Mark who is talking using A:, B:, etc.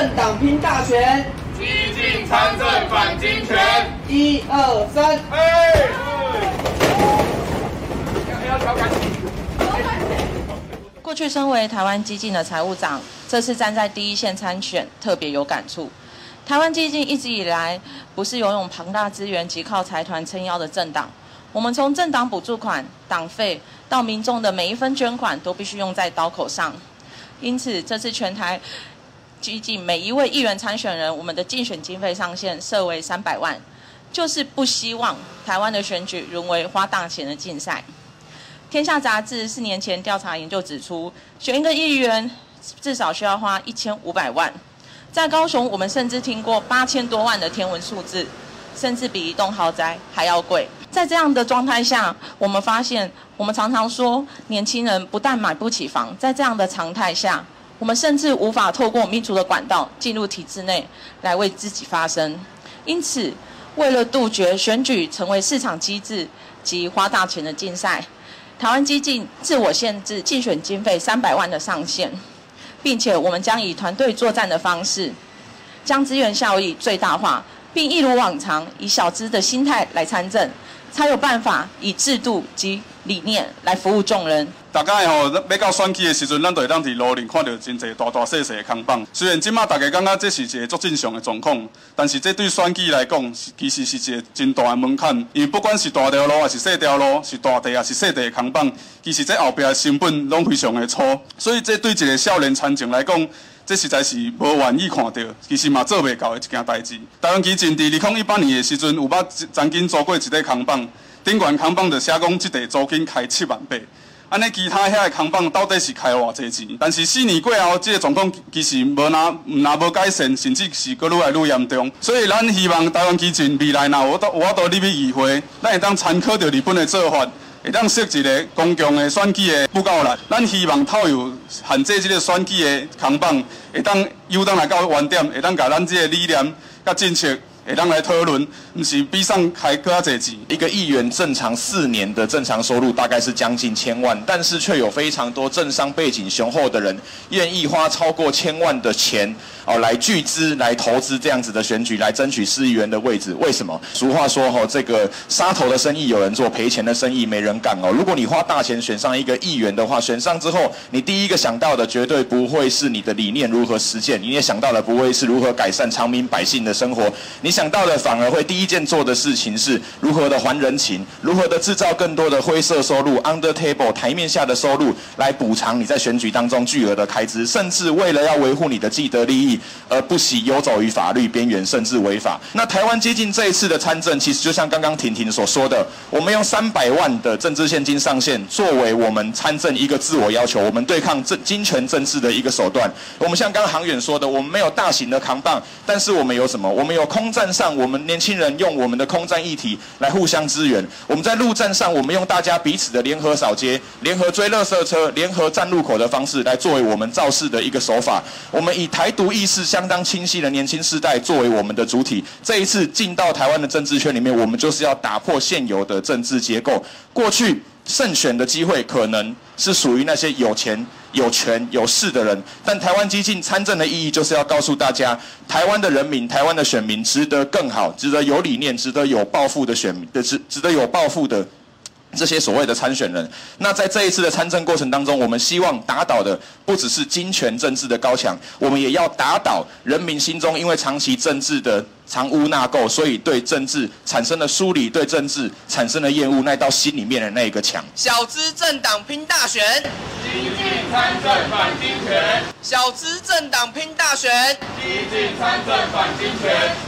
A: 政
B: 黨拼大選基進參政
A: 反金權。一二三，二、哎哎哎哎、過去身為台灣基進的財務長，這次站在第一線參選，特別有感觸。台灣基進一直以來不是擁有龐大資源及靠財團撐腰的政黨，我們從政黨補助款、黨費到民眾的每一分捐款，都必須用在刀口上。因此，這次全台。基進每一位議員參選人，我們的競選經費上限設為三百萬，就是不希望台灣的選舉淪為花大錢的競賽。天下雜誌四年前調查研究指出，選一個議員至少需要花一千五百萬。在高雄，我們甚至聽過八千多萬的天文數字，甚至比一棟豪宅還要貴。在這樣的狀態下，我們發現，我們常常說，年輕人不但買不起房，在這樣的常態下。我們甚至無法透過民主的管道進入體制內來為自己發聲，因此，為了杜絕選舉成為市場機制及花大錢的競賽，台灣基進自我限制競選經費三百萬的上限，並且我們將以團隊作戰的方式，將資源效益最大化。並一如往常，以小資的心態來參政，才有辦法以制度及理念來服務眾人。
C: 大家吼、喔，每到選舉的時陣，咱都會當在路頂看到真儕大大細細的看板。雖然即賣大家感覺這是一個足正常嘅狀況，但是這對選舉來講，其實是一個真大嘅門檻。因為不管是大條路，還是細條路，是大地，還是細地嘅看板，其實在後壁嘅成本攏非常嘅粗。所以，這對一個少年參政來講，這實在是無願意看到，其實嘛做袂到的一件代志。台灣基進佇二零一八年誒時陣，有把租金租過一塊空房，頂懸空房就寫講，即塊租金開七萬八。安尼其他遐個空房到底是開偌濟錢？但是四年過後、哦，即、這個狀況其實無呾毋呾無改善，甚至是閣愈來愈嚴重。所以咱希望台灣基進未來若我都我都佇要議會，咱會當參考着日本誒做法。會當設置一個公共的選舉的布告欄，咱希望透過限制這個選舉的空綁，會當由當來到原點，會當甲咱這個理念甲政策。當然，特侖不是逼上還高。這是一個議員正常四年的正常收入，大概是將近千萬，但
B: 是卻有非常多政商背景雄厚的人，願意花超過千萬的錢，哦，來巨資來投資這樣子的選舉，來爭取市議員的位置。為什麼？俗話說吼、哦，這個殺頭的生意有人做，賠錢的生意沒人幹哦。如果你花大錢選上一個議員的話，選上之後，你第一個想到的絕對不會是你的理念如何實踐，你也想到了不會是如何改善常民百姓的生活，你。想到的反而會第一件做的事情是如何的還人情，如何的製造更多的灰色收入 （under table） 台面下的收入來補償你在選舉當中巨額的開支，甚至為了要維護你的既得利益而不惜游走於法律邊緣，甚至違法。那台灣基進這一次的參政，其實就像剛剛婷婷所說的，我們用三百萬的政治現金上限作為我們參政一個自我要求，我們對抗政金權政治的一個手段。我們像剛剛航遠說的，我們沒有大型的扛棒，但是我們有什麼？我們有空戰。上我們年輕人用我們的空戰議題來互相支援，我們在陸戰上我們用大家彼此的聯合掃街、聯合追垃圾車、聯合站路口的方式來作為我們造勢的一個手法。我們以台獨意識相當清晰的年輕世代作為我們的主體。這一次進到台灣的政治圈裡面，我們就是要打破現有的政治結構。過去。勝選的機會可能是屬於那些有錢、有權、有勢的人，但台灣基進參政的意義就是要告訴大家，台灣的人民、台灣的選民，值得更好，值得有理念，值得有抱負的選民，值值得有抱負的。這些所謂的參選人，那在這一次的參政過程當中，我們希望打倒的不只是金權政治的高牆，我們也要打倒人民心中因為長期政治的藏污納垢，所以對政治產生了疏離，對政治產生了厭惡，那道心裡面的那一個牆。
A: 小資政黨拼大選，基進參政反金權。小資政黨拼大選，基進參政反金權。